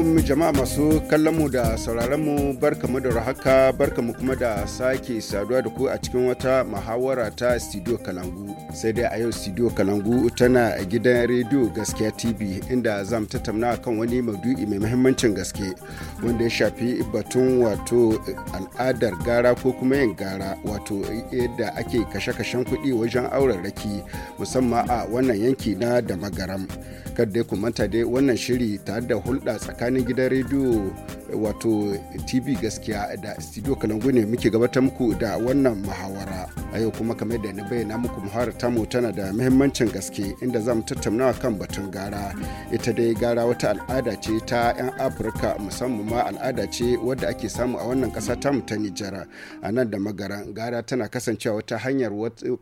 alaikum jama'a masu kallon mu da sauraron mu barkamu da rahaka barkamu kuma da sake saduwa da ku a cikin wata muhawara ta studio kalangu sai dai a yau studio kalangu tana a gidan rediyo gaskiya tv inda zam tattauna kan wani maudu'i mai muhimmancin gaske wanda ya shafi batun wato al'adar gara ko kuma yin gara wato yadda ake kashe-kashen kuɗi wajen auren raki musamman a wannan yanki na da magaram kada ku manta dai wannan shiri tare da hulɗa tsakanin tsakanin gidan rediyo wato tv gaskiya da studio kalangu ne muke gabatar muku da wannan muhawara a yau kuma kamar da na bayyana muku muhawara tamu tana da muhimmancin gaske inda zamu tattauna kan batun gara ita dai gara wata al'ada ce ta 'yan afirka musamman ma al'ada ce wadda ake samu a wannan kasa tamu ta nijar a nan da magaran gara tana kasancewa wata hanyar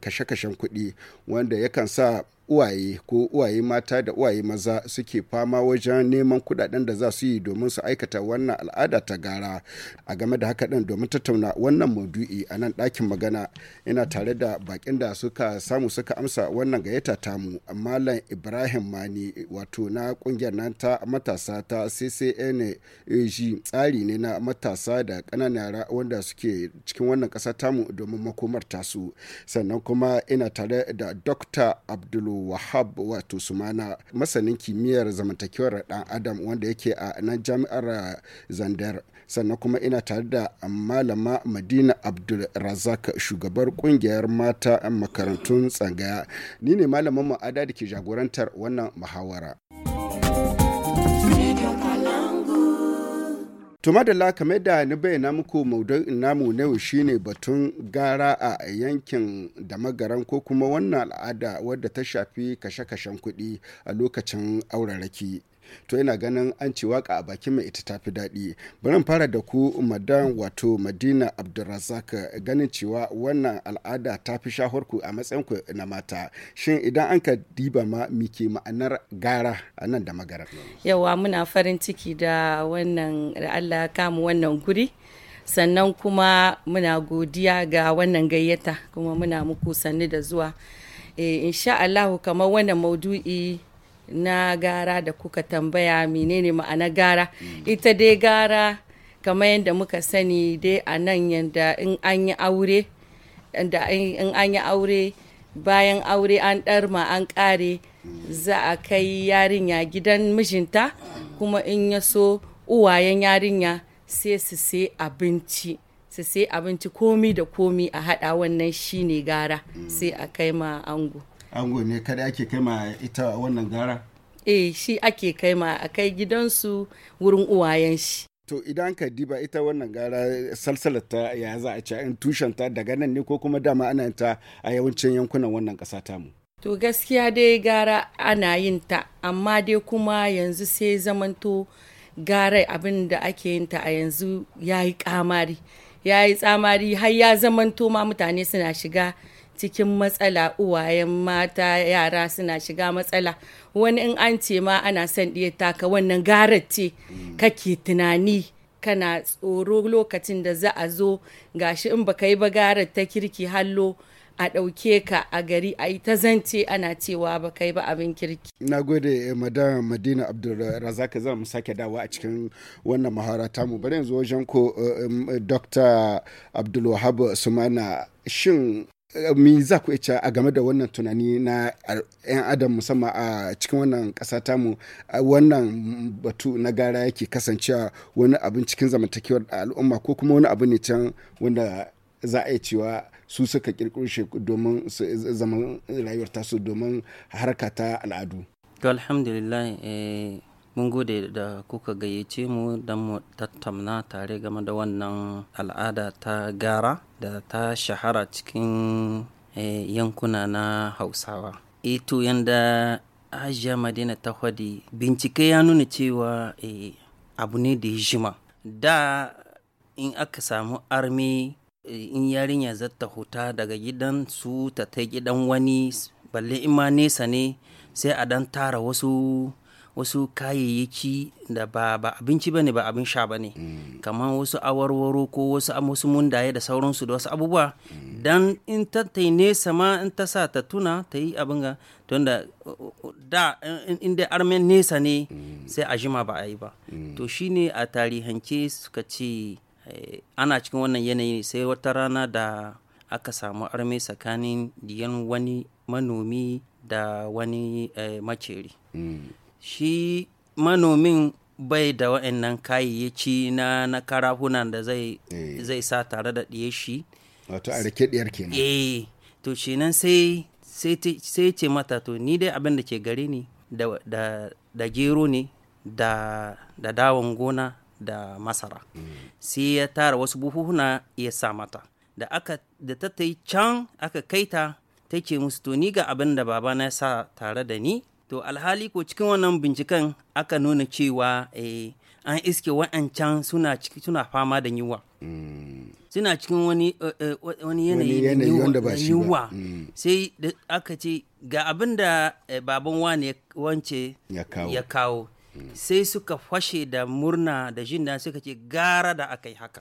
kashe-kashen kuɗi wanda yakan sa uwaye ko uwaye mata da uwaye maza suke fama wajen neman kudaden da za su yi domin su aikata wannan al'ada ta gara a game da haka din domin tattauna wannan maudu'i a nan ɗakin magana ina tare da bakin da suka samu suka amsa wannan gayyata tamu malam ibrahim mani wato na kungiyar nan ta matasa ta ccn tsari ne na matasa da ƙananan yara wanda suke cikin wannan ƙasa tamu domin makomar tasu sannan kuma ina tare da dr abdul wahab wato sumana masanin kimiyyar zamantakewar dan adam wanda yake a nan jami'ar eh, zandar sannan kuma ina tare da malama madina abdulrazak shugabar kungiyar mata makarantun tsangaya ni ne malamin ma'ada da ke jagorantar wannan muhawara. To madalla kamar yadda ni bayyana muku maudu'in namu na yau shine batun gara a yankin da magaran ko kuma wannan al'ada wadda ta shafi kashe-kashen kuɗi a lokacin auraraki. to yana ganin an ci waka a bakin mai ita tafi daɗi bari fara da ku madan wato madina abdulrazak ganin cewa wannan al'ada ta fi shahurku a matsayin ku na mata shin idan an ka diba ma mike ma'anar gara a nan da magara yawa muna farin ciki da wannan allah kamu wannan guri sannan kuma muna godiya ga wannan gayyata kuma muna muku sanni da zuwa e, eh, insha allahu kamar wannan maudu'i na gara da kuka tambaya menene ma'ana gara ita dai gara kamar yadda muka sani dai a nan yadda in an yi aure da in an yi aure bayan aure an ɗarma an ƙare za a kai yarinya gidan mijinta kuma in ya so uwayen yarinya sai su sai abinci su sai abinci komi da komi a haɗa wannan shine gara sai a kai ma ango ango ne kada ake kai ma ita wannan gara eh shi ake kai ma a kai gidansu wurin uwayen shi to idan ka diba ita wannan gara salsalar ta ya za a ci in tushen ta daga nan ne ko kuma dama ana yin ta a yawancin yankunan wannan kasa mu to gaskiya dai gara ana yin ta amma dai kuma yanzu sai zamanto gara abin da ake yin ta a yanzu ya yi kamari ya yi tsamari har ya zamanto ma mutane suna shiga cikin matsala uwayen mata yara suna shiga matsala wani in an ce ma ana son ɗiyar taka wannan garar ce kake tunani kana tsoro lokacin da za a zo gashi in baka yi ba garar ta kirki hallo a ɗauke ka a gari a yi ta zance ana cewa ba kai ba abin kirki. Na gode eh, madam Madina Abdulrazak zan mu sake dawa a cikin wannan mahara tamu bari yanzu wajen ko eh, eh, Dr. Abdulwahab Sumana shin mi za ku iya a game da wannan tunani na 'yan adam musamman a cikin wannan ƙasa tamu wannan batu na gara yake kasancewa wani abin cikin zamantakewar al'umma ko kuma wani abu ne can wanda za a yi cewa su suka kirkiro shi domin zaman rayuwar tasu domin harka ta al'adu to alhamdulillah eh, mun gode da kuka gayyace mu don mu tattauna tare game da wannan al'ada ta gara da ta shahara cikin eh, yankuna na hausawa Eto yanda ajiya madina ta hwadi bincike ya nuna cewa eh, abu ne da ya jima da in aka samu armi eh, in yarinya zata huta daga gidan su ta ta gidan wani balle ima nesa ne sai a dan tara wasu wasu kayayyaki da ba, ba abinci ba abin sha bane ne mm. kamar wasu awarwaro ko wasu wasu mundaye da sauransu da wasu abubuwa mm. dan in ta ta nesa ma in ta sa ta tuna ta yi abin ga tunda da in da armen nesa ne mm. sai a jima ba a yi ba to shine a tarihance suka ce eh, ana cikin wannan yanayi sai wata rana da aka samu arme tsakanin diyan wani manomi da wani eh, maceri shi manomin bai da wa'annan kayayyaki na na karahunan da zai eh. zai sa tare da ɗiye shi wato a rike ɗiyar kenan eh to kenan sai sai ce mata to ni dai abin da ke gare ni da da da gero ne da da dawon gona da masara mm. sai ya tara wasu buhuhuna ya sa mata da aka da ta can aka kaita ta ce musu to ni ga abin da babana ya sa tare da ni to alhali ko cikin wannan binciken aka nuna cewa eh, an iske wa'ancan suna, suna fama da yunwa mm. suna cikin wani eh, eh, wani yanayi da yiwuwa mm. sai da aka ce ga abin da baban wani wance ya kawo mm. sai suka fashe da murna da jin da suka ce gara da aka yi haka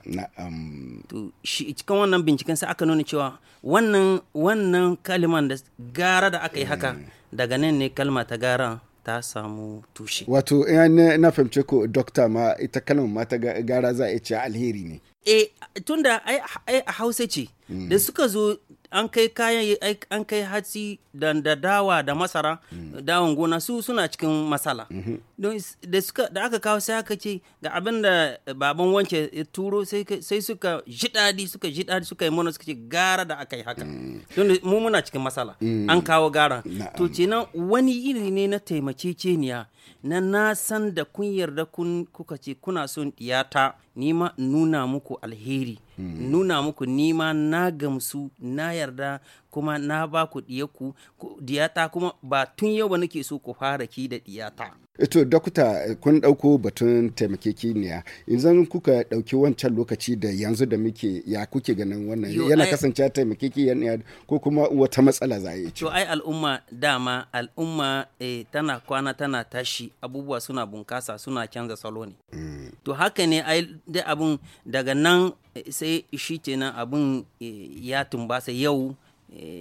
to shi cikin wannan binciken sai aka nuna cewa wannan wannan kaliman da gara da aka yi haka daga nan ne kalma ta garan ta samu tushe. Wato eh, na fahimce ko dokta ma ita kalmar ma ta gara za a ce alheri ne. E tunda ai a hausa ce mm. da suka zo an kai kayan an kai hatsi da dawa da masara mm. dawon gona su suna cikin masala mm-hmm. da aka kawo sai aka ce ga abin da baban wance ya turo sai suka ji daɗi suka ji daɗi suka yi mana suka ce gara da aka yi haka mm. don mu muna cikin masala mm. an kawo gara to kenan wani iri ne na taimakeceniya na na san da kun yarda kun kuka ce kuna son diyata nima nuna muku alheri nuna muku nima na gamsu na yarda kuma na ba ku diyaku diyata kuma ba tun yau ba nake so ku fara ki da diyata Eh, to dakuta kun dauko batun taimakekeniya yanzu kuka dauki wancan lokaci da yanzu da muke ya kuke ganin wannan yana kasance taimakekeniya ko kuma wata matsala za a yi to ai al'umma dama al'umma eh, tana kwana tana tashi abubuwa suna bunkasa suna canza salo ne mm. to haka ne ai da abun daga nan eh, sai shi kenan abun eh, ya tumbasa yau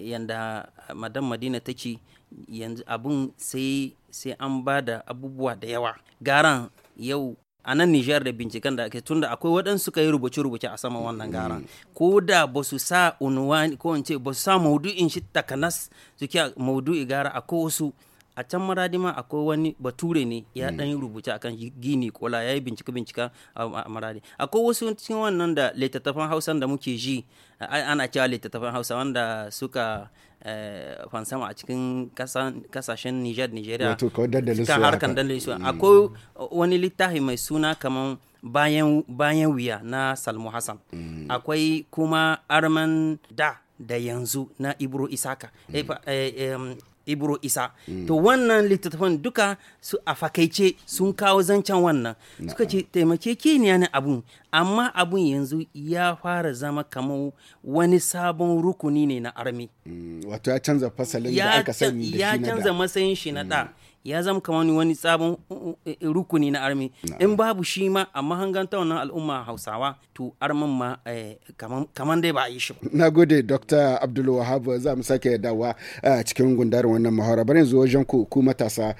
yanda madan madina take yanzu abun sai sai an ba da abubuwa da yawa garan yau a nan Nijar da binciken da ake tunda akwai waɗansu suka yi rubuce-rubuce a saman wannan garan ko da ba su sa unwani ko in ce ba su sa maudu'in shi takanas suke maudu'i gara akwai wasu a can maradi ma akwai wani bature ne ya dan hmm. rubuce akan gini kola ya yi bincike bincika a maradi akwai wasu cikin wannan da littattafan hausa da muke ji ana cewa littattafan hausa wanda suka fansama eh, a cikin kasashen niger nigeria kan harkar mm. akwai wani littafi mai suna kamar bayan wuya na salmu hassan mm. akwai kuma arman da da yanzu na ibro isaka mm. eh, eh, ibro isa mm. to wannan littattafan duka su a fakaice sun kawo zancen wannan suka ce taimake kiniya ne abun amma abun yanzu ya fara zama kamar wani sabon rukuni ne na armi mm, wato ya canza fasalin da aka sani da shi na da ya canza matsayin shi na da mm. ya zama kamar wani tsabon uh, uh, eh, eh, rukuni na armi in babu shi ma a hanganta wannan al'umma hausawa to arman ma eh, kamar dai ba a yi shi na gode dr abdul wahab za mu sake dawa cikin gundar wannan mahaura bari yanzu wajen ku ku matasa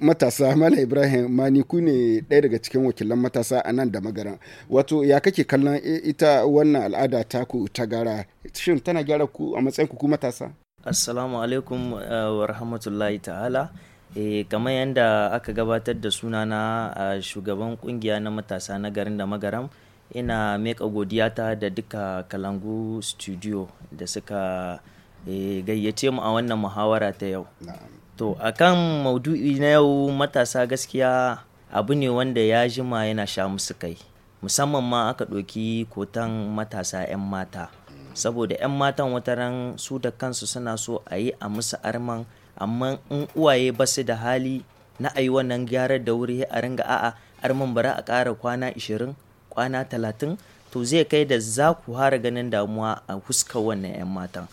matasa mala ibrahim mani ku ne ɗaya daga cikin wakilan matasa a nan da magaran wato ya kake kallon ita wannan al'ada ku ta gara shin tana gyara ku a matsayin ku ku matasa assalamu alaikum wa rahmatullahi ta'ala eh kamar yadda aka gabatar da sunana a shugaban kungiya na matasa na garin da magaram ina meka ta da duka kalangu studio da suka eh, gayyace mu a wannan muhawara ta yau to akan maudu'i na yau matasa gaskiya abu ne wanda ya jima yana sha musu kai musamman ma aka ɗoki kotan matasa 'yan mata saboda 'yan matan wataran su da kansu suna so a yi a musu arman amma in uwaye ba su da hali na ayi wannan gyarar da wuri a ringa a'a armin bara a ƙara kwana 20 kwana 30 to zai kai da za ku hara ganin damuwa a huskar wannan 'yan matan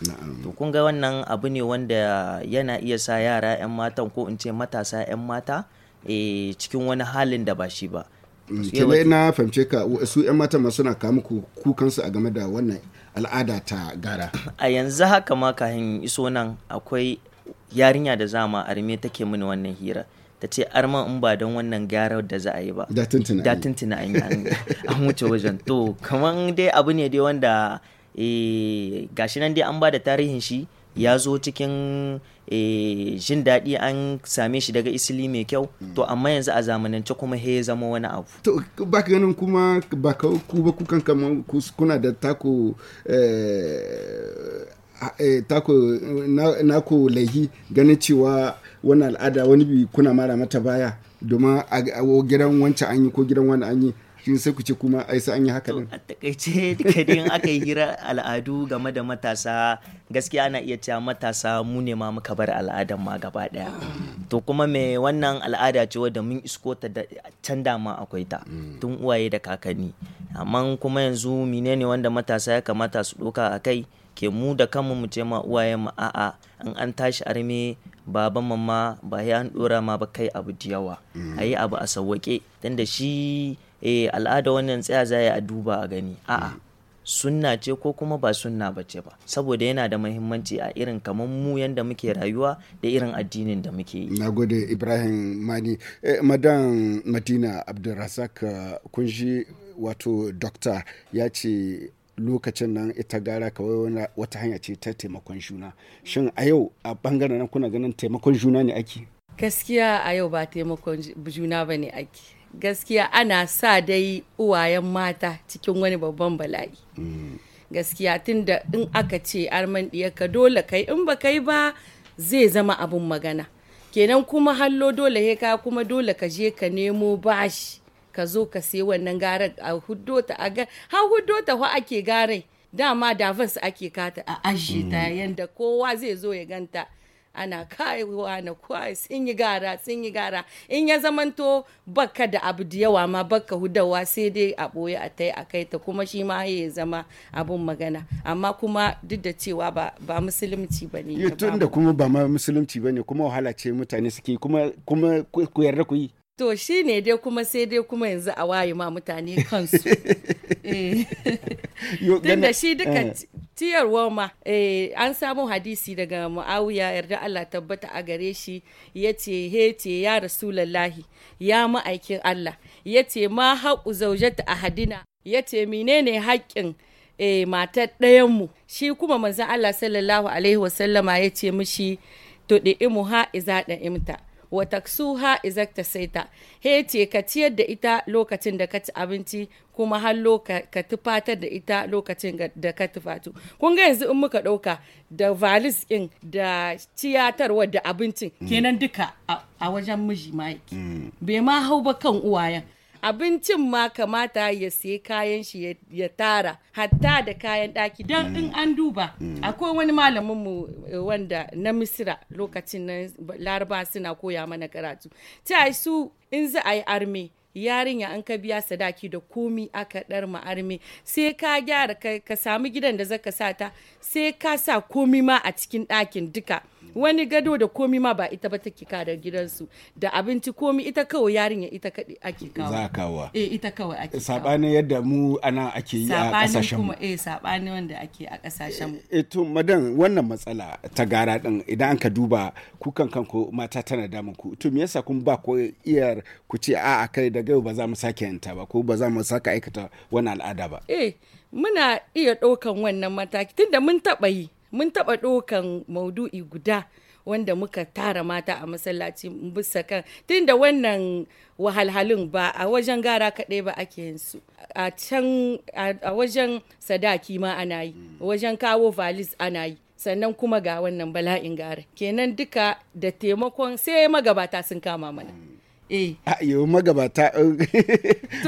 to kun ga wannan abu ne wanda yana iya sa yara 'yan matan ko in ce matasa 'yan mata eh, cikin wani halin da ba shi ba mm, kebai na fahimce ka su 'yan mata ma suna kamu kukansu a game da wannan al'ada ta gara a yanzu haka ma kahin iso nan akwai yarinya da zama arme take mini wannan hira ta ce arma in ba don wannan gyara da za a yi ba da yi an wuce wajen to kamar dai abu ne dai wanda e, eh, gashi nan dai an ba da tarihin shi ya zo cikin eh, jin daɗi an same shi daga isili mai kyau mm. to amma yanzu a zamanance kuma he zama wani abu to ba ganin kuma ba ka ku ba kuna da tako eh, Eh, na ku laihi ganin cewa wani al'ada wani bi kuna mara mata baya domin a gidan wancan an yi ko gidan wani an yi shi sai ku ce kuma a yi an yi haka din a takaice duka din aka yi hira al'adu game da matasa gaskiya ana iya cewa matasa mu ne ma muka bar al'adan ma gaba daya to kuma me wannan al'ada ce wadda mun isko ta da can dama akwai ta mm. tun uwaye da kakanni amma kuma yanzu menene wanda matasa ya kamata su doka a kai ke mu da kanmu mu ce ma uwaye mu a'a in an tashi arme baban mamma ba ya an dora ma ba kai abu da yawa mm. a yi abu a sawwake da shi eh al'ada wannan tsaya zai a duba a gani a'a mm. sunna ce ko kuma ba sunna ba ce ba saboda yana da mahimmanci a irin kamar mu yadda muke rayuwa da irin addinin da muke yi nagode ibrahim mani eh, madan madina abdulrasak kunshi wato dokta ya ce lokacin nan ita gara kawai wata hanya ce ta taimakon juna shin a yau a bangaren nan kuna ganin taimakon juna ne ake gaskiya a yau ba taimakon juna ba ne ake gaskiya ana sa dai uwayen mata cikin wani babban bala'i mm. gaskiya tunda in aka ce arman ka dole kai in ba kai ba zai zama abin magana kenan kuma hallo dole ka kuma dole ka je ka nemo bashi ka zo ka sayi wannan garar a hudu ta a ga har hudu ta ake gara dama davans ake kata a ashe ta mm. yanda kowa zai zo ya ganta ana kaiwa na kwai sun yi gara sun yi gara in ya zamanto baka da abu da yawa ma baka hudawa sai dai a ɓoye a tai a kai ta kuma shi ma ya zama abun magana amma kuma duk da cewa ba musulunci ba ne tun da kuma ba musulunci ba ne kuma wahala ce mutane suke kuma kuma ku yarda ku yi to shi ne dai kuma sai dai kuma yanzu a waye ma mutane kansu eh. tun da shi duka eh. ciyarwa ma eh, an samu hadisi daga mu'awiya yarda Allah tabbata a gare shi ya ce hece ya rasulallahi ya ma'aikin Allah ya ce ma haƙu zaujata a hadina ya ce menene haƙƙin matar ɗayanmu shi kuma manzan Allah sallallahu alaihi wasallama ya ce mishi to ɗi imuha iza imta wata suha izakta saita he ce ka ciyar da ita lokacin da ka ci abinci kuma har ka tufatar da ita lokacin da ka tufatu kun ga yanzu in muka ɗauka da valis ɗin da ciyatarwa da abincin mm. kenan duka a wajen miji ma mm. bai ma hau ba kan uwayen abincin ma kamata ya sai kayan shi ya tara hatta da kayan ɗaki don in an duba mm. akwai wani malamin mu eh, wanda na misira lokacin na laraba suna koya mana karatu ta su in za a yi arme yarinya an ka biya sadaki da komi aka dar armi. sai ka gyara ka, sami gidan da zaka sata sai ka sa komi ma a cikin ɗakin duka wani gado da komi ma ba ita ba take kada gidansu da abinci komi ita kawai yarinya ita kaɗi ake kawo za kawo eh ita kawai ake kawo sabani yadda mu ana ake yi a kasashen mu eh sabani wanda ake a kasashen mu eh, eh to madan wannan matsala ta gara din idan ka duba ku kan kanku mata tana da ku to me yasa kun ba ko iyar ku ce a a kai daga yau ba za mu sake yanta ba ko ba za mu saka aikata wannan al'ada ba eh muna iya ɗaukan wannan mataki tunda mun taɓa yi mun taɓa ɗokan maudu'i guda wanda muka tara mata a masallaci bisa kan tunda wannan wahalhalun ba a wajen gara kaɗai ba ake yin su a can a wajen sadaki ma ana yi hmm. wajen kawo valis ana yi sannan kuma ga wannan bala'in gara kenan duka da taimakon sai magabata sun kama mana hmm. eh yau magabata oh.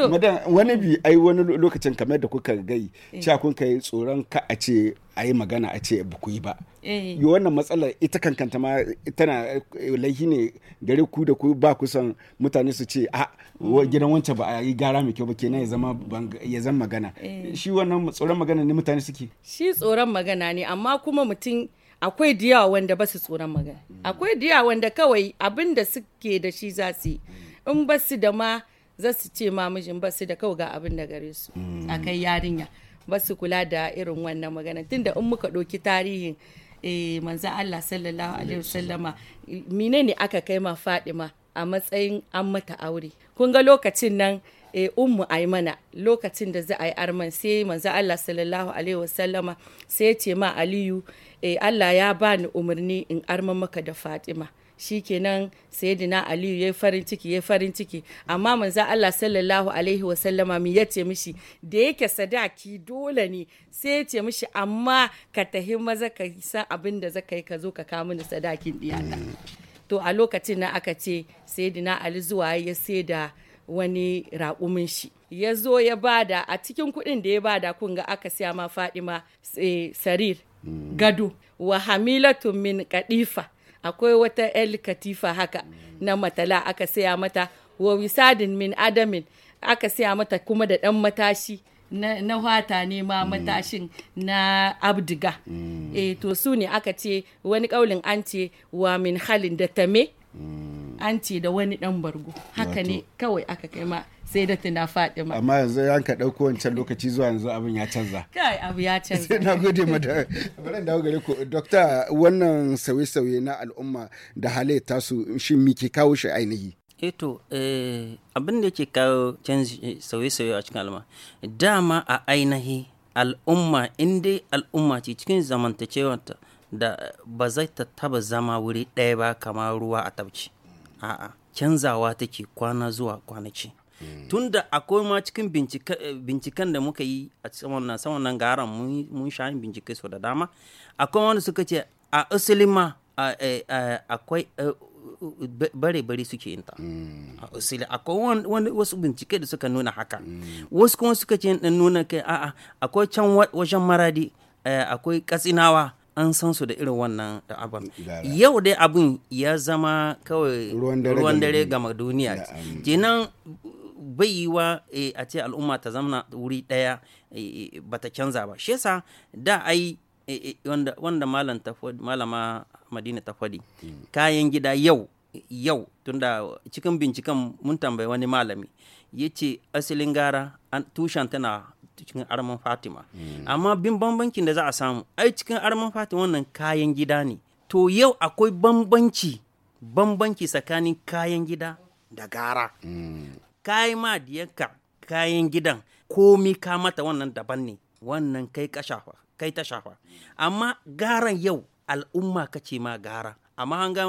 madan wani bi ai wani lokacin kamar da kuka gai eh. cakun kai tsoron ka a ce a yi magana a ce ba ku yi ba. Eh. Yi wannan matsalar ita kankanta ma tana eh, laihi ne gare ku da ku ba ku son mutane su ce ah, a mm. gidan wancan ba a yi gara mai kyau ba kenan ya zama ya zan magana. Eh. Shi wannan tsoron magana ne mutane suke. Shi tsoron magana ne amma kuma mutum akwai diya wanda ba su tsoron magana. Mm. Akwai diya wanda kawai abin da suke da shi za su yi. Mm. In ba su da ma za su ce ma mijin ba su da kawai ga abin da gare su. A kai yarinya. ba su kula da irin wannan magana tunda in muka ɗauki tarihin eh, manzan Allah sallallahu alaihi wasallama mine ne aka kai ma Fadima a matsayin an mata aure kun ga lokacin nan e, ummu mana lokacin da za a yi arman sai manzo Allah sallallahu alaihi wasallama sai ya ce ma Aliyu eh, Allah ya bani umarni in arman maka da Fatima shikenan sayyidina aliyu yayi farin ciki yayi farin ciki amma manzo Allah sallallahu alaihi wa sallama mi yace mishi da yake sadaki dole ne sai yace mishi amma ka tahi maza ka san abin da zaka yi ka zo ka kawo mini sadakin diyata to a lokacin na aka ce sayyidina ali zuwa ya sai da wani raƙumin shi ya zo ya bada a cikin kuɗin da ya bada kun ga aka siya ma fadima eh, sarir mm. gado wa hamilatun min kadifa akwai wata el katifa haka na matala aka saya mata wa wisadin min adamin aka saya mata kuma da ɗan matashi na, wata ne ma mm. matashin na abdiga e to su ne aka ce wani kaulin an ce wa min halin da tame mm. an ce da wani ɗan bargo haka ne kawai aka kai ma sai da tuna fatima amma yanzu ya ka ɗauko wancan lokaci zuwa yanzu abin ya canza kai abu ya canza sai na gode ma da bari dawo gare ku dokta wannan sauye-sauye na al'umma da ta su shi mi ke kawo shi ainihi eto eh, eh, abin da ke kawo canji eh, sauye-sauye a cikin al'umma dama a ainihi al'umma in dai al'umma ce cikin zamantakewarta da ba zai ta taba zama wuri ɗaya ba kamar ruwa a tabci a'a canzawa take kwana zuwa kwanaki Mm. tunda akwai ma cikin eh, binciken da muka yi a saman nan garan mun sha yin bincike so da dama akwai wanda suka ce a asali ma akwai eh, bare-bare suke yin ta mm. a asali akwai wasu bincike da suka nuna haka mm. wasu kuma suka ce nuna kai a'a akwai can wajen maradi eh, akwai katsinawa an san su da irin wannan da abin yau dai abin ya zama kawai ruwan dare ga duniya kenan bai yi wa eh, a ce al'umma ta zamana wuri ɗaya eh, eh, ba ta canza ba shi yasa da ai wanda malama madina ta faɗi hmm. kayan gida yau yau tunda cikin binciken mun tambayi wani malami ya ce asalin gara tushen tana cikin arman fatima hmm. amma bin bambancin da za a samu ai cikin arman fatima wannan kayan gida ne to yau akwai bambanci bambanci tsakanin kayan gida da gara hmm. kayi ma diyanka kayan gidan komi ka mata wannan daban ne wannan kai ka shafa kai ta shafa amma garan yau al'umma ka ce ma gara amma an ga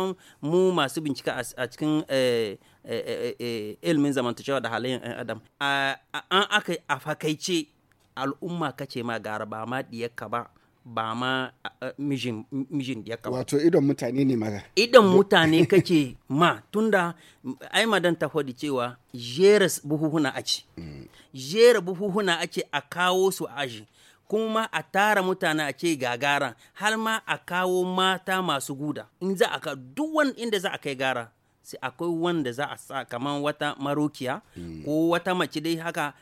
mu masu bincika a cikin eh, eh, eh, ilmin zamantacewa da halayen 'yan adam an aka a fakaice al'umma ce ma gara ba ma diyanka ba ba ma mijin ya kawo. Wato idon mutane ne maza. Idon mutane kake ma tunda ai madan ta faɗi cewa jera buhuhuna ce. Jera buhuhuna ce a kawo su aji. kuma a tara mutane a ce gagara har ma a kawo mata masu guda in za a duk wani inda za a kai gara sai akwai wanda za a sa kamar wata marokiya ko wata mace dai haka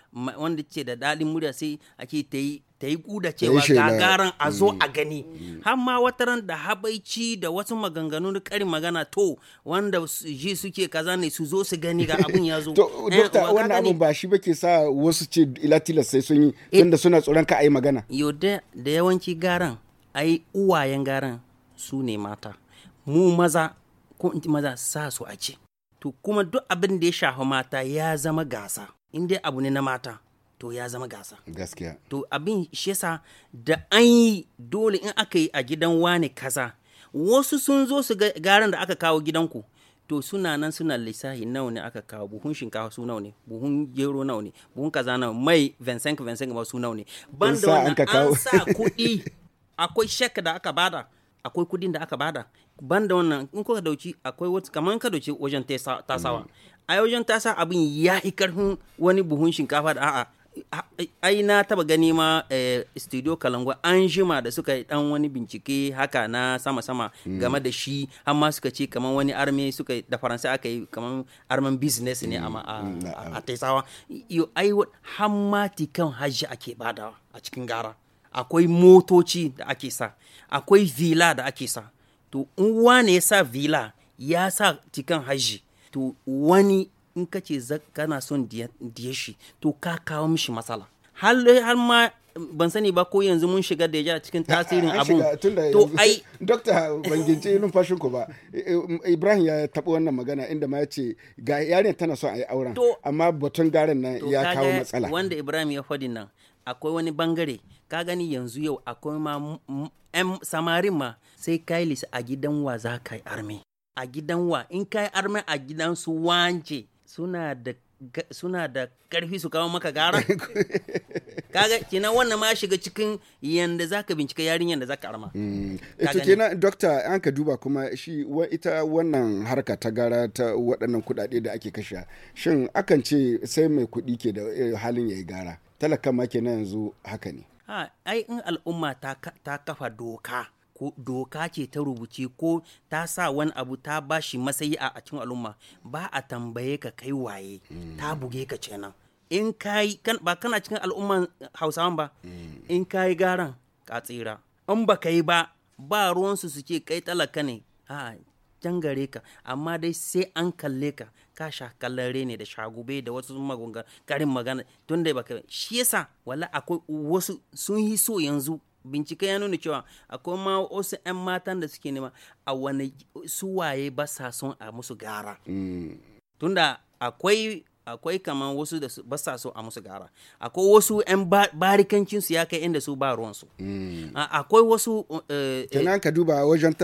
wanda ce da dalin murya sai ake ta yi ta yi kuda cewa gagarin a zo mm. a gani mm. har ma wataran da habaici da wasu maganganu na karin magana to wanda ji suke kaza ne su zo su gani ga abun ya zo to eh, dokta wannan abun ba shi bake sa wasu ce ilatilas sai sun yi eh. tunda suna tsoron ka ayi magana yo da yawanci garan ai uwayen garan su ne mata mu maza ko in maza sa su a ce to kuma duk abin da ya shafa mata ya zama gasa in dai abu ne na mata to ya zama gasa gaskiya to abin shi yasa da an yi dole in aka yi a gidan wane kaza wasu sun zo su garan da aka kawo gidanku to suna nan suna lissahi nawa ne aka kawo buhun shinkafa su nawa ne buhun gero nawa ne buhun kaza nawa mai vincent vincent ba su nawa ne da wani an sa kuɗi akwai shek da aka bada akwai kuɗin da aka bada ban da wannan in kuka dauki akwai wata kamar ka dauki wajen tasawa mm. a wajen tasa abin ya yi karfin wani buhun shinkafa da a'a ai na taba gani ma eh, studio kalangwa an jima da suka yi dan wani bincike haka na sama-sama mm. game da shi amma suka ce kamar wani army suka da faransa aka yi kamar armen business ne mm. a, mm. a, a taisawa yo ai hammati kan hajji ake badawa a cikin gara akwai motoci da ake sa akwai villa da ake sa to in ne ya sa villa ya sa tikan hajji to wani in ka ce kana son diye shi to ka kawo mishi matsala har ma um, ban sani ba ko yanzu mun shiga da ya cikin tasirin abun to ai dokta ban gince numfashin ku ba um, ibrahim ya taɓa wannan magana inda ma ya ce ga yaren tana son a yi auren amma batun garin nan ya kawo matsala wanda ibrahim ya faɗi nan akwai wani bangare ka gani yanzu yau akwai ma yan samarin ma sai kailis a gidan wa za ka yi arme a gidan wa in ka yi arme a gidan su wance suna da suna da ƙarfi su kawo maka gara kaga kenan wannan ma shiga cikin yanda zaka bincika yarinyar da zaka arma ita hmm. eh, kenan dokta an ka duba kuma shi ita wannan harka ta gara ta waɗannan kuɗaɗe da ake kashe shin akan ce sai mai kuɗi ke da eh, halin yayi gara talaka ma kenan yanzu haka ne ai in al'umma ta kafa doka doka ce ta rubuce ko ta sa wani abu ta ba shi matsayi a cikin al'umma ba a tambaye ka kai waye ta mm. buge ka kenan in kai ba kana cikin al'umman hausawan ba mm. in kai garan ka tsira in ba kai ba ba ruwansu su ce kai talaka ne a can gare ka amma dai sai an kalle ka ka sha ne da shagube da wasu karin magana tun da baka shi yasa wala akwai wasu sun yi so yanzu bincike ya nuna cewa akwai ma wasu 'yan matan da suke nema a wani suwaye ba sa son a musu gara mm. tunda akwai akwai kaman wasu da ba sa so a musu gara akwai wasu 'yan barikancinsu su ya kai inda su ba ruwansu mm. akwai wasu eh, eh, kenan ka duba wajen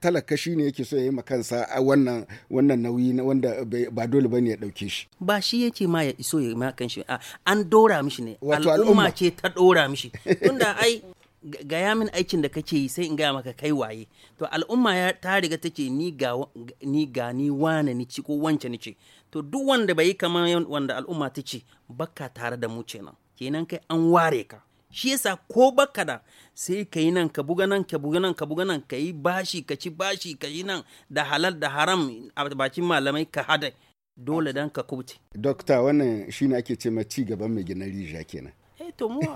talaka shi ne yake so ya yi makansa a wannan wannan nauyi wanda ba dole ne ya dauke shi ba shi yake ma ya iso ya yi makan shi an dora mishi ne al'umma ce ta dora mishi tunda ai gaya min aikin da kake yi sai in gaya maka kai waye to al'umma ya ta riga ta ce ni ga ni ga ni wane ni ci ko wance ni ce to duk wanda bai kamar wanda al'umma ta ce baka tare da mu kenan kenan kai an ware ka shi yasa ko baka da sai ka yi nan ka buga nan ka buga nan ka buga nan ka yi bashi ka ci bashi ka yi nan da halal da haram a bakin malamai ka hada dole dan ka kubce dokta wannan shine ake ce ma ci gaban mai gina rija kenan to mu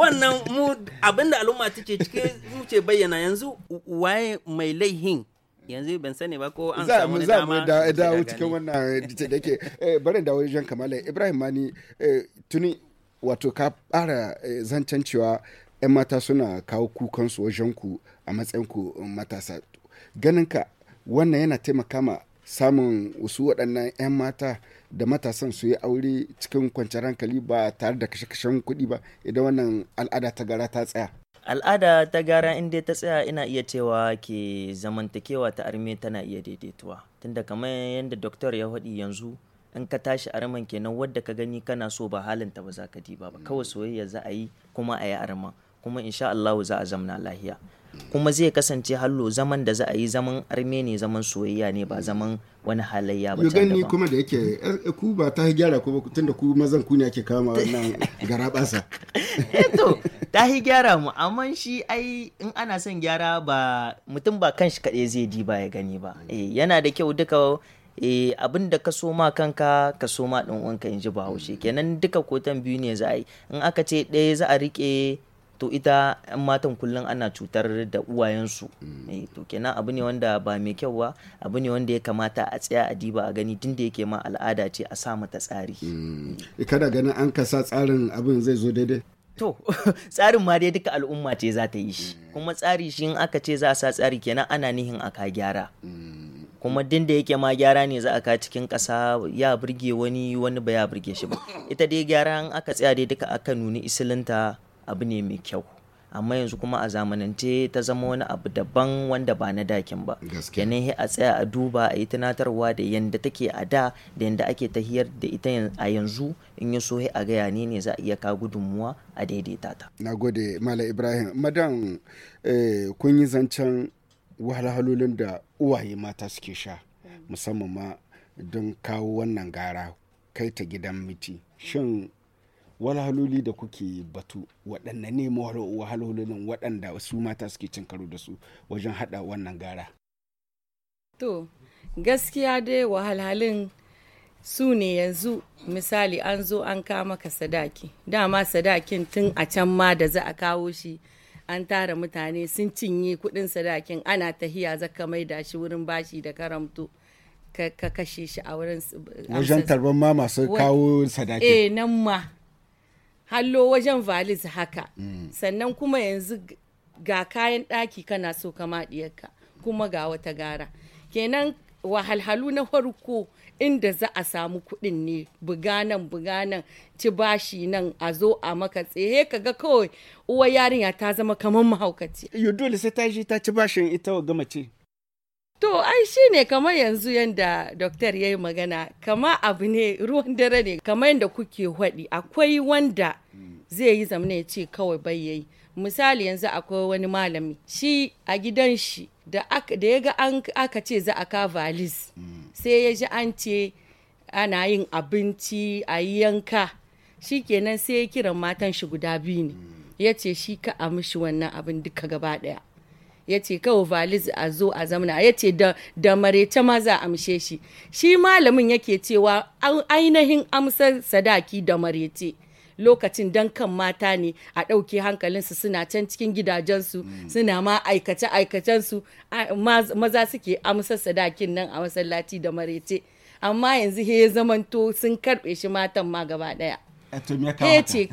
wannan mu abinda al'umma take cike mu ce bayyana yanzu waye mai laihin yanzu ban sani ba ko an samu wani dama za mu dawo cikin wannan dice eh, da ke eh, barin dawo wajen kamala ibrahim mani eh, tuni wato ka fara zancen cewa 'yan mata suna kawo kukansu wajen ku a matsayin ku matasa ganin ka wannan yana taimaka ma samun wasu waɗannan 'yan mata da matasan su yi aure cikin kwanciyar hankali ba tare da kashe-kashen kuɗi ba idan wannan al'ada ta gara ta tsaya al'ada ta gara inda dai ta tsaya ina iya cewa ke zamantakewa ta arme tana iya daidaituwa tunda kamar yadda doktor ya faɗi yanzu in ka tashi arman kenan wadda ka gani kana so ba halin ta ba za ka diba ba kawai soyayya za a yi kuma a yi arman kuma insha Allah za a zamna lahiya kuma zai kasance hallo zaman da za a yi zaman arme ne zaman soyayya ne ba zaman wani halayya ba can da kuma da yake eh, ku ba ta gyara ko tunda ku mazan ku ne ake kama wannan garabasa eh to ta yi gyara mu amma shi ai in ana son gyara ba mutum ba kanshi kaɗai zai di ba ya gani ba eh, yana da kyau duka e, abin da ka so ma kanka ka so ma ɗan uwanka in ji haushe kenan duka kotan biyu ne za a yi in aka ce ɗaya za a riƙe to ita 'yan matan kullum ana cutar da uwayensu eh, to kenan abu ne wanda ba mai kyau ba abu ne wanda ya kamata a tsaya a diba a gani tun da yake ma al'ada ce a sa mata tsari hmm. eh, kada ganin an kasa tsarin abin zai zo daidai to tsarin ma dai duka al'umma ce za ta yi shi kuma tsari shi in aka ce za a sa tsari kenan ana nihin aka gyara hmm. kuma din da yake ma gyara ne za a ka cikin ƙasa ya burge wani wani ba ya burge shi ba ita dai gyara an aka tsaya dai duka aka nuni isilinta abu ne mai kyau amma yanzu kuma a zamanance ta zama wani abu daban wanda ba na dakin ba kenan a tsaya a duba a yi tunatarwa da yanda take a da da yanda ake tahiyar da ita a yanzu in yi so a gaya ne ne za a iya ka gudunmuwa a daidaita ta na gode mala ibrahim madan eh, kun yi zancen wahalhalolin da uwaye mata suke sha musamman ma don kawo wannan gara kai ta gidan miti shin walhaloli da kuke batu waɗanne ne wahalolin waɗanda su mata suke cin karo da su wajen haɗa wannan gara to gaskiya dai wahalhalin su ne yanzu misali an zo an kama ka sadaki dama sadakin tun a can ma da za a kawo shi an tara mutane sun cinye kudin sadakin ana tahiya zaka mai da shi wurin bashi da karamto ka kashe shi a wurin wajen tarban ma masu kawo sadakin eh nan ma hallo wajen valis haka sannan kuma yanzu ga kayan ɗaki kana so kama ɗiyarka kuma ga wata gara kenan wahalhalu na farko inda za a samu kuɗin ne buganan buganan ci bashi nan a zo a maka tsaye ka ga kawai uwa yarinya ta zama kamar mahaukaci yo sai ta ji ta ci bashin ita wa mace To ai shi ne kamar yanzu yadda doktor ya yi magana kama abu ne ruwan dare ne kamar yadda kuke haɗi akwai wanda zai yi zamana ya ce kawai bai misali yanzu akwai wani malami shi a gidan shi da ya ga aka ce za a ka valis sai ya ji an ce ana yin abinci a yi yanka shi kenan sai ya kiran matan shi guda biyu ne ya ce shi ka a mishi wannan abin duka gaba ɗaya ya ce kawai valiz a zo a zamana ya ce da marece maza amshe shi shi malamin yake cewa ainihin amsar sadaki da marece lokacin don kan mata ne a ɗauke hankalinsu suna can cikin gidajensu mm. suna ma aikace aikacensu maza suke amsar sadakin nan a masallaci da marece amma yanzu he zamanto sun karɓe shi matan ma gaba ɗaya. Eh, ce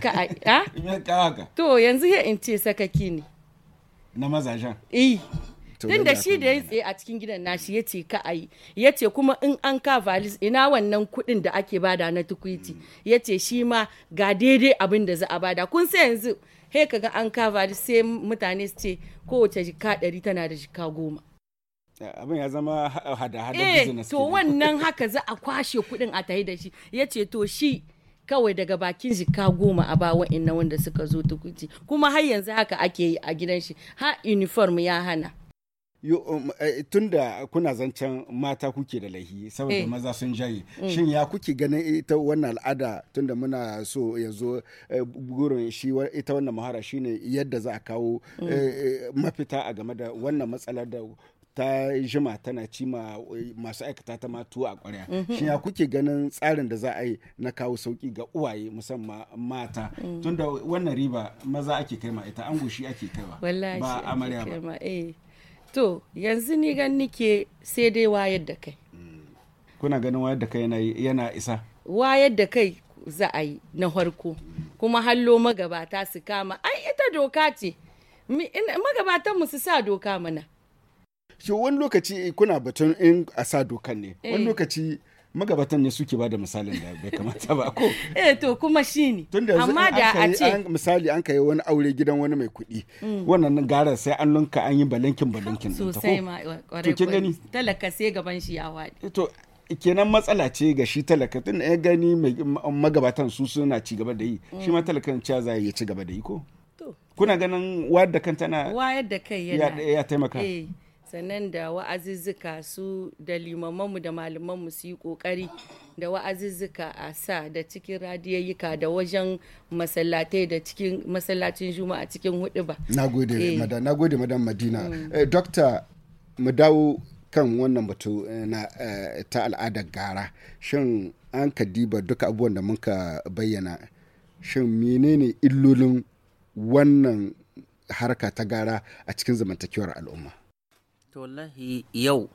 ah? ka to yanzu he in ce sakaki ne na mazajen eh tun da shi da ya tsaye a cikin gidan nashi ya ce ka ayi ya ce kuma in an ka valis ina wannan kuɗin da ake bada na tukwiti ya ce shi ma ga daidai abin da za a bada kun sai yanzu he kaga an ka valis sai mutane su ce kowace jika ɗari tana da jika goma abin ya zama hada-hada eh, business to wannan haka za a kwashe kuɗin a tahi da shi ya ce to shi kawai daga bakin jika goma a bawa inna wanda suka zo tukuti kuma har yanzu haka ake yi a gidan shi ha uniform ya hana Um, eh, tun da kuna zancen mata kuke da laihi saboda eh. maza sun jaye mm. shin ya kuke ganin ita wannan al'ada tun da muna so ya zo eh, gurin shi ita wannan mahara shine yadda za a kawo mm. mafita a game da wannan matsalar da ta jima tana ci ma eh, masu aikata ta matu a kwarya mhm. shi ya kuke ganin tsarin da za a yi na kawo sauki ga uwaye musamman mata mm. tunda wannan riba maza ake kai ma ita an gushi ake kaiwa ba amarya ba eh. to yanzu ni gan nike sai dai wayar da kai mm. kuna ganin wayar da kai yana isa wayar da kai za a yi na farko mm. kuma hallo magabata su kama ai ita doka ce magabatan mu su sa doka mana Yo wani lokaci kuna batun in a sa dokan ne. Wani eh. lokaci magabatan ne suke ba da misalin da bai kamata ba ko eh to kuma shine amma da a ce misali an kai wani aure gidan wani mai kuɗi mm. wannan garar sai an lunka an yi balankin balankin sosai ma ko to gani talaka sai gaban shi ya wadi eh to kenan matsala ce ga shi talaka tun ya gani magabatan su suna ci gaba da yi shi ma mm. talakan cha za ya ci gaba da yi ko kuna ganin wayar da kan tana wayar da kai yana ya taimaka eh sannan da wa'azuzzuka su da limamanmu da malamanmu su yi kokari da wa'azuzzuka a sa da cikin radiyayyuka da wajen masallatai da cikin masallacin a cikin hudu ba na eh. madam madan madina mm. eh, dokta mu dawo kan wannan batu eh, na ta al'adar gara shin an ka diba duka abubuwan da muka bayyana shin menene illolin wannan harka ta gara a cikin zamantakewar al'umma to lahi yau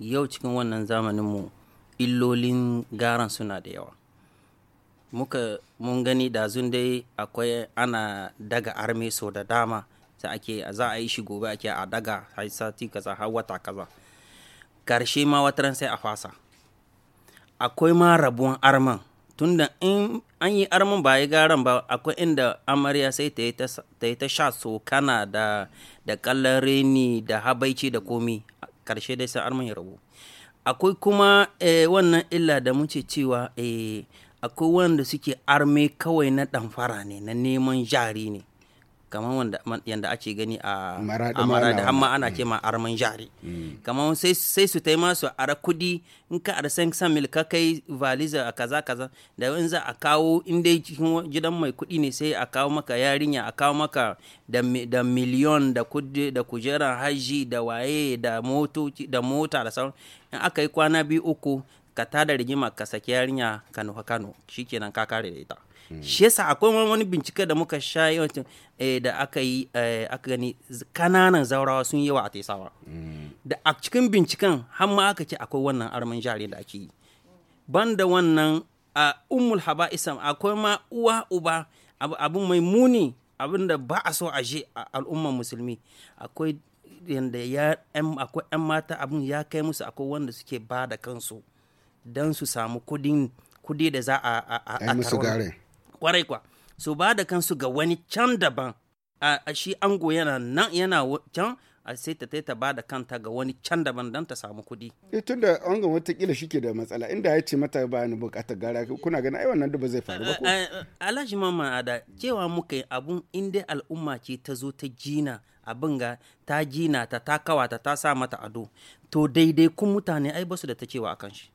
yau cikin wannan zamaninmu illolin garan suna da yawa muka mun gani zun dai akwai ana daga arme so da dama za ake za a yi shi gobe ake a daga har sati kaza har wata kaza karshe ma wataran sai a fasa akwai ma rabuwan arman tunda in an yi armin ba yi garan ba akwai inda amarya sai ta yi ta sha sokana da da kallon reni da habaici da komi karshe dai sai armin ya rabu akwai kuma eh, wannan illa da muke cewa e akwai wanda suke arme kawai na damfara ne na neman jari ne kamar yadda ake gani a mara da amma ana ce ma arman jari mm. kamar sai su taima su ara kudi in ka ara san san mil ka kai valiza a kaza kaza da in za a kawo in dai cikin gidan mai kudi ne sai a kawo maka yarinya a kawo maka da miliyon da kudi da kujeran haji da waye da da mota da sauran in aka yi kwana biyu uku ka da rigima ka saki yarinya ka nufa kano shikenan ka kare da ita hmm. shi yasa akwai wani bincike da muka sha yawancin eh, da aka yi eh, aka gani kananan zaurawa sun yawa a taisawa hmm. da a cikin binciken har ma aka ce akwai wannan arman jari da ake yi da wannan a haba isam akwai ma uwa uba abin mai muni abin da ba a so a je a al'ummar musulmi akwai yanda ya akwai 'yan mata abin ya kai musu akwai wanda suke ba da kansu don su samu kudin kudi da za a a a kwarai kwa su ba da kansu ga wani can daban a shi ango yana nan yana can a sai ta ta ba da kanta ga wani can daban don ta samu kudi. e eh, tun da wangan watakila shi ke da matsala inda ya ce mata ba ni bukatar gara kuna gani ai wannan ba zai faru ba ko. alhaji mamma ada cewa muka yi abun inda al'umma ce ta zo ta jina abin ga ta jina ta ta kawata ta sa mata ado to daidai kun mutane ai basu da ta cewa akan shi.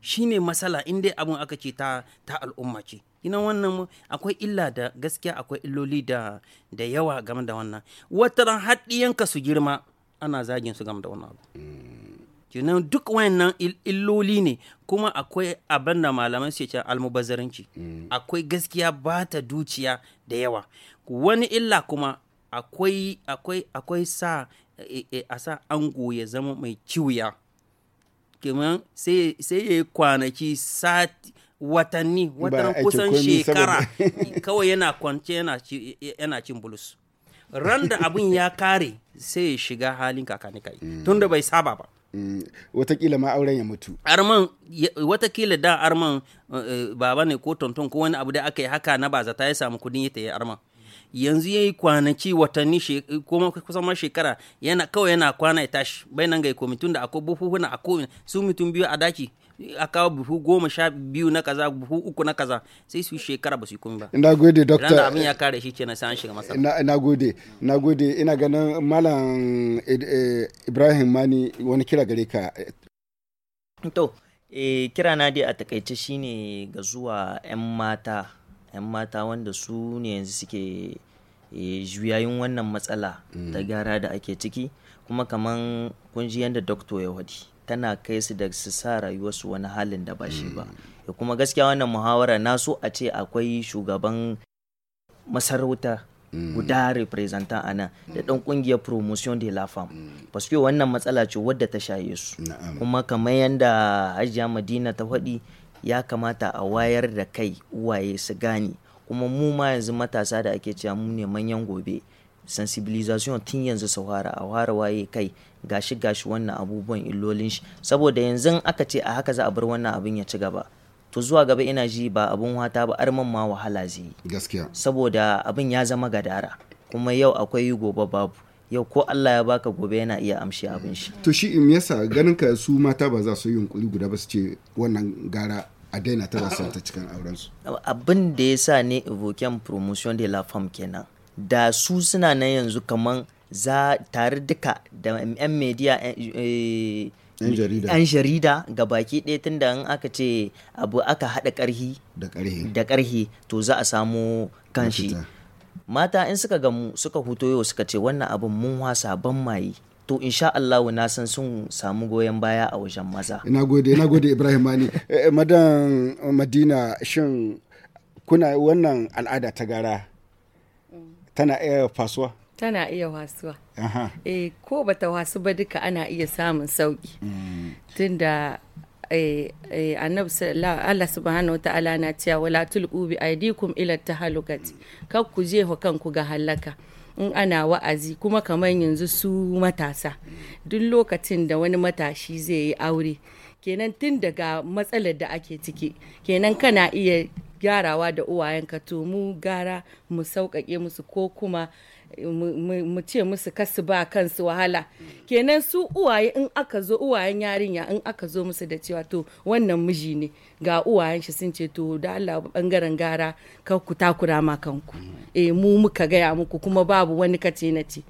shine matsala in dai abin aka ce ta al'umma ce ina wannan akwai illa da gaskiya akwai illoli da da yawa game da wannan wataran haɗiyanka su girma ana zagin su game da wannan abu kinan duk wayannan illoli ne kuma akwai abin da malaman su ce almubazzaranci akwai gaskiya ba ta duciya da yawa wani illa kuma akwai akwai akwai sa e, e, a sa ango ya zama mai ciwuya kaman sai ya yi kwanaki sati watanni watan kusan shekara kawai yana kwance yana cin bulus ran da abin ya kare sai ya shiga halin kakani kai mm. tunda bai saba ba mm. watakila ma auren ya mutu arman watakila da arman eh, eh, baba ne ko tonton ko wani abu da aka yi haka na bazata ya samu kudin ya yi arman yanzu ya yi kwanaki watanni kusan ma shekara yana kawai yana kwana ya tashi bai nan ga komi tun da akwai buhuhuna a komi su mutum biyu a daki a kawo buhu goma sha biyu na kaza buhu uku na kaza sai su shekara ba su yi komi ba ina gode doctor abin ya kare shi kenan sai an shiga masa ina gode ina gode ina ganin malam eh, Ibrahim Mani wani kira gare ka to eh, kira na dai a takaice shine ga zuwa 'yan mata 'yan mata wanda su ne yanzu suke eh, juyayin wannan matsala ta mm. gyara da ake ciki kuma kaman kunji yadda dokto ya wadi tana kai su da su sa rayuwarsu wani halin da ba shi ba ya mm. kuma gaskiya wannan muhawara na so a ce akwai shugaban masarauta mm. guda representant a nan da ɗan ƙungiyar promotion de la femme paske wannan matsala ce wadda ta shaye su kuma kamar yadda hajiya madina ta haɗi. ya kamata a wayar da kai uwaye su gane kuma mu ma yanzu matasa da ake cewa mu ne manyan gobe sensibilization tun yanzu su fara a fara waye kai gashi gashi wannan abubuwan illolin shi saboda yanzu aka ce a haka za a bar wannan abin ya ci gaba to zuwa gaba ina ji ba abun wata ba arman ma wahala zai yi gaskiya saboda abin ya zama gadara kuma yau akwai gobe babu yau ko Allah ya baka gobe yana iya amshi abin shi to shi in yasa ganin ka su mata ba za su yi yunkuri guda ba su ce wannan gara a daina tana sa ta cikin auren su abin da ya sa ne evoken promotion de la femme kenan da su suna nan yanzu kaman za tare duka da yan media eh, eh, yan jarida ga baki ɗaya tun da in aka ce abu aka haɗa ƙarhi da ƙarhi to za a samu kanshi mata in suka gamu suka huto yau suka ce wannan abin mun wasa ban mayi to insha Allah na san sun samu goyon baya a wajen maza ina gode ina gode Ibrahim Mani eh, eh, madan Madina shin kuna wannan al'ada ta gara tana iya fasuwa tana iya wasuwa eh ko bata wasu ba duka ana iya samun sauki mm. tunda Eh, eh, annabi Allah subhanahu ta'ala na cewa wala tulqu bi aidikum ila tahalukati kar ku je kanku ga halaka in ana wa'azi kuma kamar yanzu su matasa duk lokacin da wani matashi zai yi aure kenan tun daga matsalar da ake ciki kenan kana iya gyarawa da uwayenka to mu gara mu sauƙaƙe musu ko kuma mu ce musu kasu ba kansu wahala kenan su uwaye in aka zo uwayen yarinya in aka zo musu da cewa to wannan miji ne ga uwayen shi sun ce to da Allah bangaren gara ka ku takura ma kanku eh mu muka gaya muku kuma babu wani kace na ce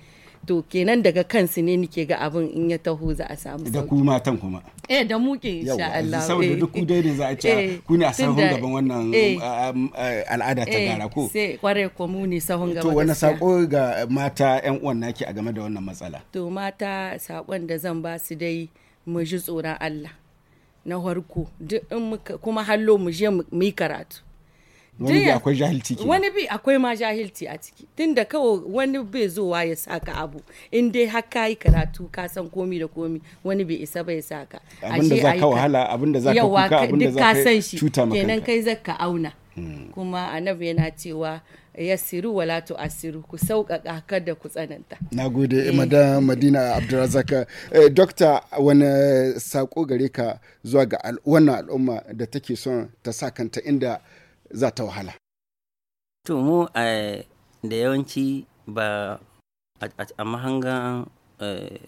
to kenan daga kansu ne nike ga abin in ya taho za a samu sauki da ku matan kuma eh da mu ke insha Allah saboda eh. duk ku dai ne za a ci eh, ku ne a sahun gaban wannan eh. Um, um, al'ada ta gara ko sai kware ko mu ne sahun gaba to wannan sako ga mata yan uwan naki a game da wannan matsala to mata sakon da zan ba su dai mu ji tsoron Allah na harko duk in kuma hallo mu je mu yi karatu wani bi akwai jahilci ke wani bi akwai ma jahilci a ciki tunda kawai wani bai zowa ya saka abu in dai har ka yi karatu ka san komi da komi wani bai isa bai saka da za ka wahala abin da za ka kuka abin da za ka cuta maka kenan kai zaka auna hmm. kuma annabi yana cewa siru wala to asiru ku sauƙaƙa kada ku tsananta. Na gode eh. madam Madina Abdulrazak. doctor eh, Dokta wani sako gare ka zuwa ga wannan al'umma da take son ta sa kanta inda za ta wahala to mu eh, da yawanci ba a mahanga eh,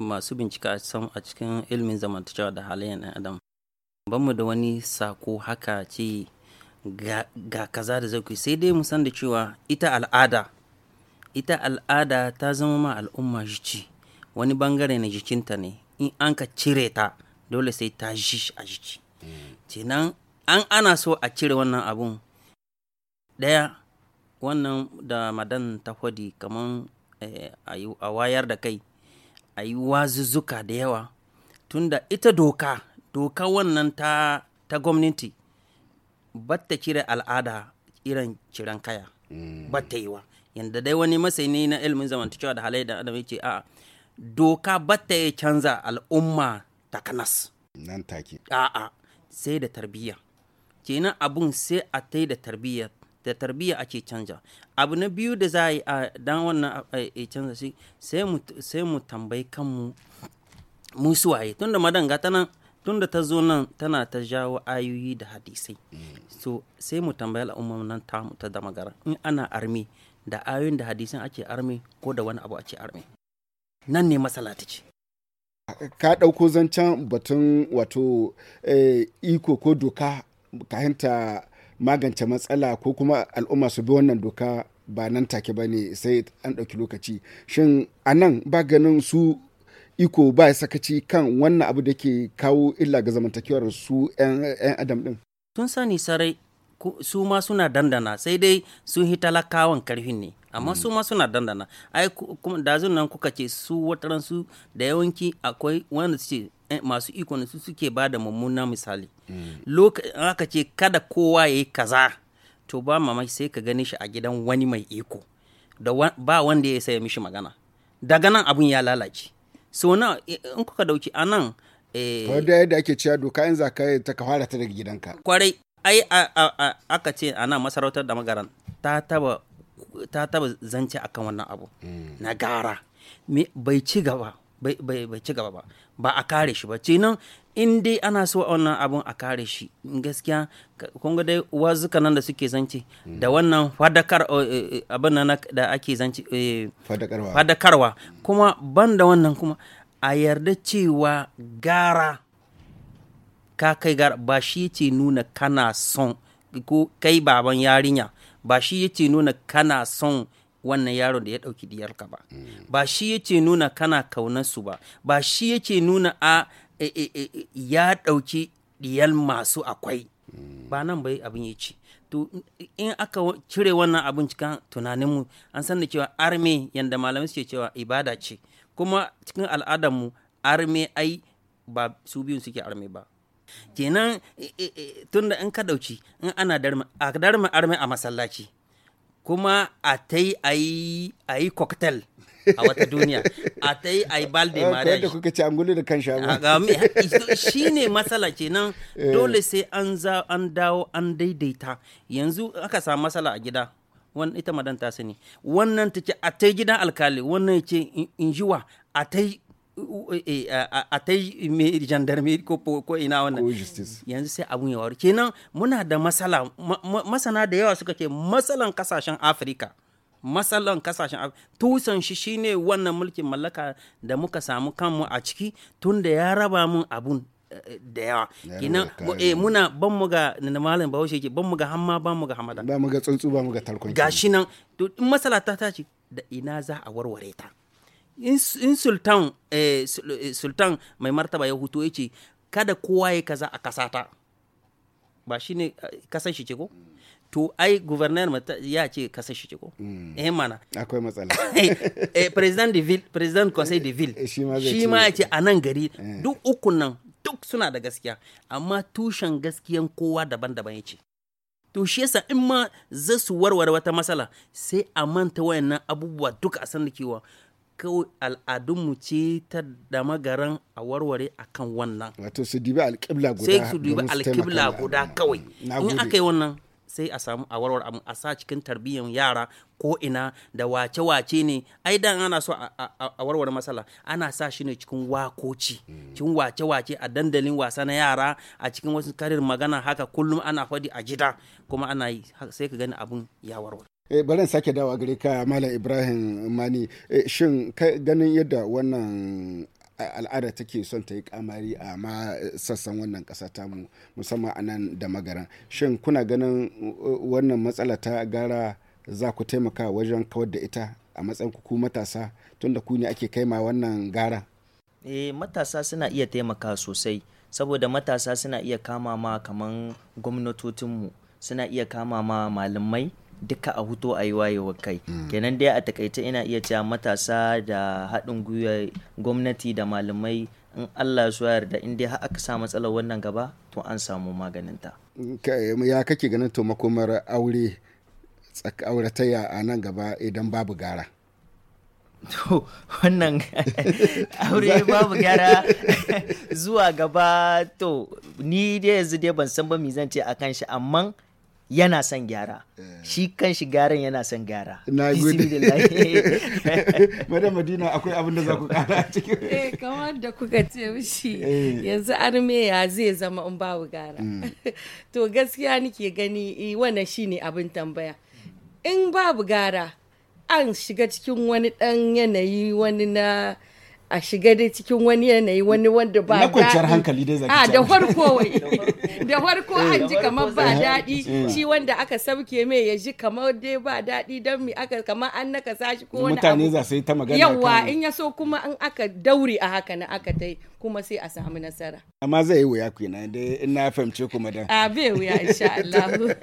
masu bincika a cikin ilimin zamantakewa da halayen ɗan adam mu da wani sako haka ce ga kaza da zai sai dai mu san da cewa ita al'ada ita al'ada ta zama ma al'umma jiki wani bangare na jikinta ne in an ka cire ta dole sai ta jish a jiki mm. kenan an ana so a cire wannan abun ɗaya wannan da madan ta hodi kamar eh, a wayar da kai a yi wazuzzuka da yawa tunda ita doka doka wannan ta, ta gwamnati batta cire al'ada irin ciran kaya mm. batta yi wa yadda dai wani masani na ilimin zamantakewa da halayya da adam yake a doka batta ya canza al'umma takanas nan take a'a sai da tarbiyya kenan abun sai a ta da tarbiyya da tarbiyya ake canja abu na biyu da za a yi a dan wannan a canza shi sai mu tambayi kanmu mu suwaye tunda madanga tana tunda ta zo nan tana ta jawo ayoyi da hadisai so sai mu tambayi al'ummar nan mu ta dama gara in ana armi da ayoyin da hadisan ake armi ko da wani abu ake armi nan ne matsala ce ka ɗauko zancen batun wato eh, iko ko doka kahinta magance matsala ko kuma al'umma su bi wannan doka ba nan take ba ne sai an ɗauki lokaci shin a nan ba ganin su iko ba sakaci kan wannan abu da ke kawo illa ga zamantakewar su 'yan adam ɗin tun sani sarai su ma suna dandana sai dai sun hita talakawan karfin ne amma su ma suna dandana ai da nan kuka ce su wataransu da yawanci akwai wanda su ce Eh, masu iko su suke ba da mummunan misali mm. lokacin aka ce kada kowa ya yi kaza to ba sai ka gani shi a gidan wani mai iko da ba wanda ya saya mishi magana daga nan abun ya lalace so na eh, in kuka dauki a nan eh, da yadda ake cewa doka in zaka ta ka fara ta daga gidanka kwarai ai aka ce ana masarautar da magaran ta taba ta taba zance akan wannan abu mm. na gara bai ci gaba bai ci gaba ba ba a kare shi ba ce nan in dai ana so a wannan abun a kare shi gaskiya kun ga dai wazuka nan da suke zance da wannan fadakar eh, eh, abin nan da ake zance eh, fadakarwa kuma ban da wannan kuma a yarda cewa gara ka kai gara ba shi ce nuna kana son ko kai baban yarinya ba shi yace nuna kana son wannan yaron da ya ɗauki diyarka ba mm. ba shi yake nuna kana kaunarsu ba ba shi yake nuna a e, e, e, ya ɗauki diyal masu akwai mm. ba nan bai abin ya ce to in aka cire wannan abin cikin tunaninmu an san da cewa arme yadda malamai suke cewa ibada ce kuma cikin al'adarmu arme ai ba su biyun suke arme ba kenan tunda in ka ɗauki in ana darma a darma arme a masallaci kuma a ta yi a yi cocktail a wata duniya a ta yi a yi balde ah, marriage da kuka ci angulu da kan shago ah, shi ne matsala kenan eh. dole sai an za an dawo an daidaita yanzu aka samu matsala a gida wannan ita madan ta sani wannan ta ce a ta gidan alkali wannan ya ce in wa a ta E, a tai mai gendarmerie ko ko ina wannan yanzu sai abun yawar kenan muna da masala masana da yawa suka ce matsalan kasashen afirka matsalan kasashen tusan shi shine wannan mulkin mallaka da muka samu kanmu a ciki tun da ya raba mun abun e, e, da yawa kenan muna ban mu ga malam bahaushe ke ban mu ga hamma ban mu ga hamada ba mu ga tsuntsu ba mu ga tarkon gashi nan masala ta tace da ina za a warware ta in sultan eh, eh, sultan mai martaba ya huto ya ce kada kowa ya kaza a kasata ba shi ne eh, kasar shi ce ko mm. to ai guverner ya ce kasar shi ce ko mm. eh mana akwai matsala eh, eh president de ville president conseil de ville shi ma ya ce a nan gari duk uku nan duk suna da gaskiya amma tushen gaskiyan kowa daban-daban ya ce to shi yasa in ma za su warware wata matsala sai a manta wayannan abubuwa duka a san da kewa kawai al'adunmu ce ta dama garan a warware a kan wannan wato su dubi alƙibla guda sai su dubi alƙibla guda kawai in aka yi wannan sai a samu a warware abu a sa cikin tarbiyyar yara ko ina da wace-wace ne ai dan ana so a warware matsala ana sa shi ne cikin wakoci cikin wace-wace a dandalin wasa na yara a cikin wasu karin magana haka kullum ana faɗi a gida kuma ana yi sai ka gani abun ya warware Eh, bari sake dawa gare ka malam ibrahim mani eh, shin ganin yadda wannan al'ada take son ta yi kamari a ma sassan wannan kasa tamu musamman a nan da magaran shin kuna ganin wannan matsala ta gara za ku taimaka wajen kawar da ita a matsayin ku matasa tunda ku ne ake kaima wannan gara eh matasa suna iya taimaka sosai saboda matasa suna iya kama ma kaman gwamnatotinmu suna iya kama ma malamai duka a huto a yi wayewar kai mm. kenan dai a takaice ina iya cewa matasa da haɗin gwiwa gwamnati da malamai in Allah ya yarda in dai har aka sa matsalar wannan gaba to an samu maganinta ya kake ganin to makomar aure auratayya a nan gaba idan babu gara to wannan aure babu gyara zuwa gaba to ni dai yanzu dai ban san ba mi zan ce akan shi amma yana son gyara eh. shi kan shi gyaran yana son gyara na gode madam madina akwai abin da za ku kara a cikin eh kamar da kuka ce shi eh. yanzu armeya zai zama in babu gyara. Mm. to gaskiya nike gani wannan shine abin tambaya in babu gyara an shiga cikin wani dan yanayi wani na a shiga dai cikin wani yanayi wani wanda ba daɗi. kwanciyar hankali dai zaki. A ah, da farko wai. Da farko eh, an ji kamar ba daɗi eh. shi wanda aka sauke mai ya ji kamar dai ba daɗi don mi aka kamar an naka sashi ko wani Mutane za su yi ta magana. yawa in ya so kuma an aka daure a haka na aka tai kuma sai a samu nasara. amma zai yi wuya kenan na in ina fahimce ku madan a ah, bai wuya insha Allah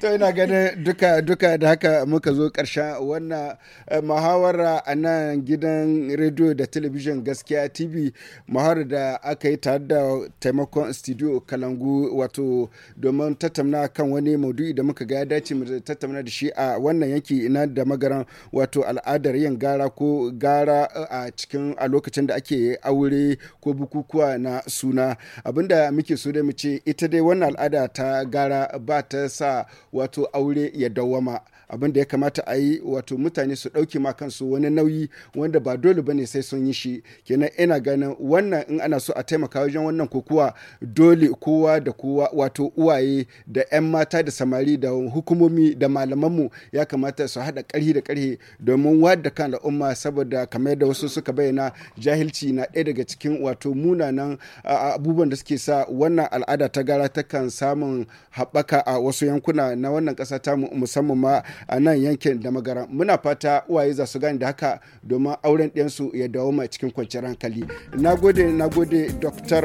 to ina ganin duka duka da haka muka zo karshen wannan eh, muhawara a nan gidan rediyo da television gaskiya TV muhawara da aka yi tare da taimakon studio Kalangu wato domin tattauna kan wani maudu'i da muka ga dace mu tattauna da shi a wannan yanki ina da magaran wato al'adar yin gara ko gara eh, a cikin a lokacin da ake aure ko bukukuwa na suna abinda muke so da mu ce ita dai wannan al'ada ta gara ba ta sa wato aure ya dawwama abin da ya kamata a yi wato mutane su ɗauke ma kansu wani nauyi wanda ba dole bane sai sun yi shi kenan ina ganin wannan in ana so a taimaka wajen wannan kokuwa dole kowa da kowa wato uwaye da 'yan mata da samari da hukumomi da malaman mu ya kamata su haɗa ƙarhi da ƙarhi domin wadda kan al'umma saboda kamar da wasu suka bayyana jahilci na ɗaya daga cikin wato munanan abubuwan da suke sa wannan al'ada ta gara ta kan samun haɓaka a wasu yankuna na wannan ƙasa ta musamman ma a nan yankin da magara muna fata uwaye za su gane da haka domin auren ɗiyansu ya dawo mai cikin kwanciyar hankali na gode na gode dr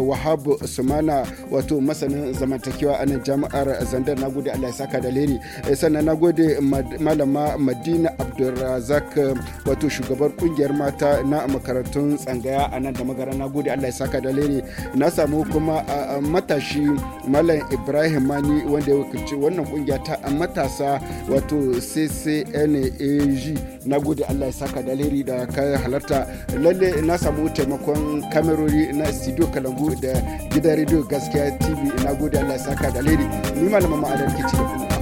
wahab usmana wato masanin zamantakewa a nan jami'ar zandar na gode allah ya saka da leri eh, sannan na gode malama madina abdulrazak wato shugabar kungiyar mata na makarantun tsangaya a nan da magara na gode allah ya saka da leri na samu kuma matashi malam ibrahim mani wanda ya wakilci wannan kungiya ta matasa wato ccnaj na gode allah ya saka da alheri da ka halarta lalle na samu taimakon kamerori na studio kalangu da gidan radio gaskiya tv na gode allah ya saka da alheri ni malama ma'adar ke da kuma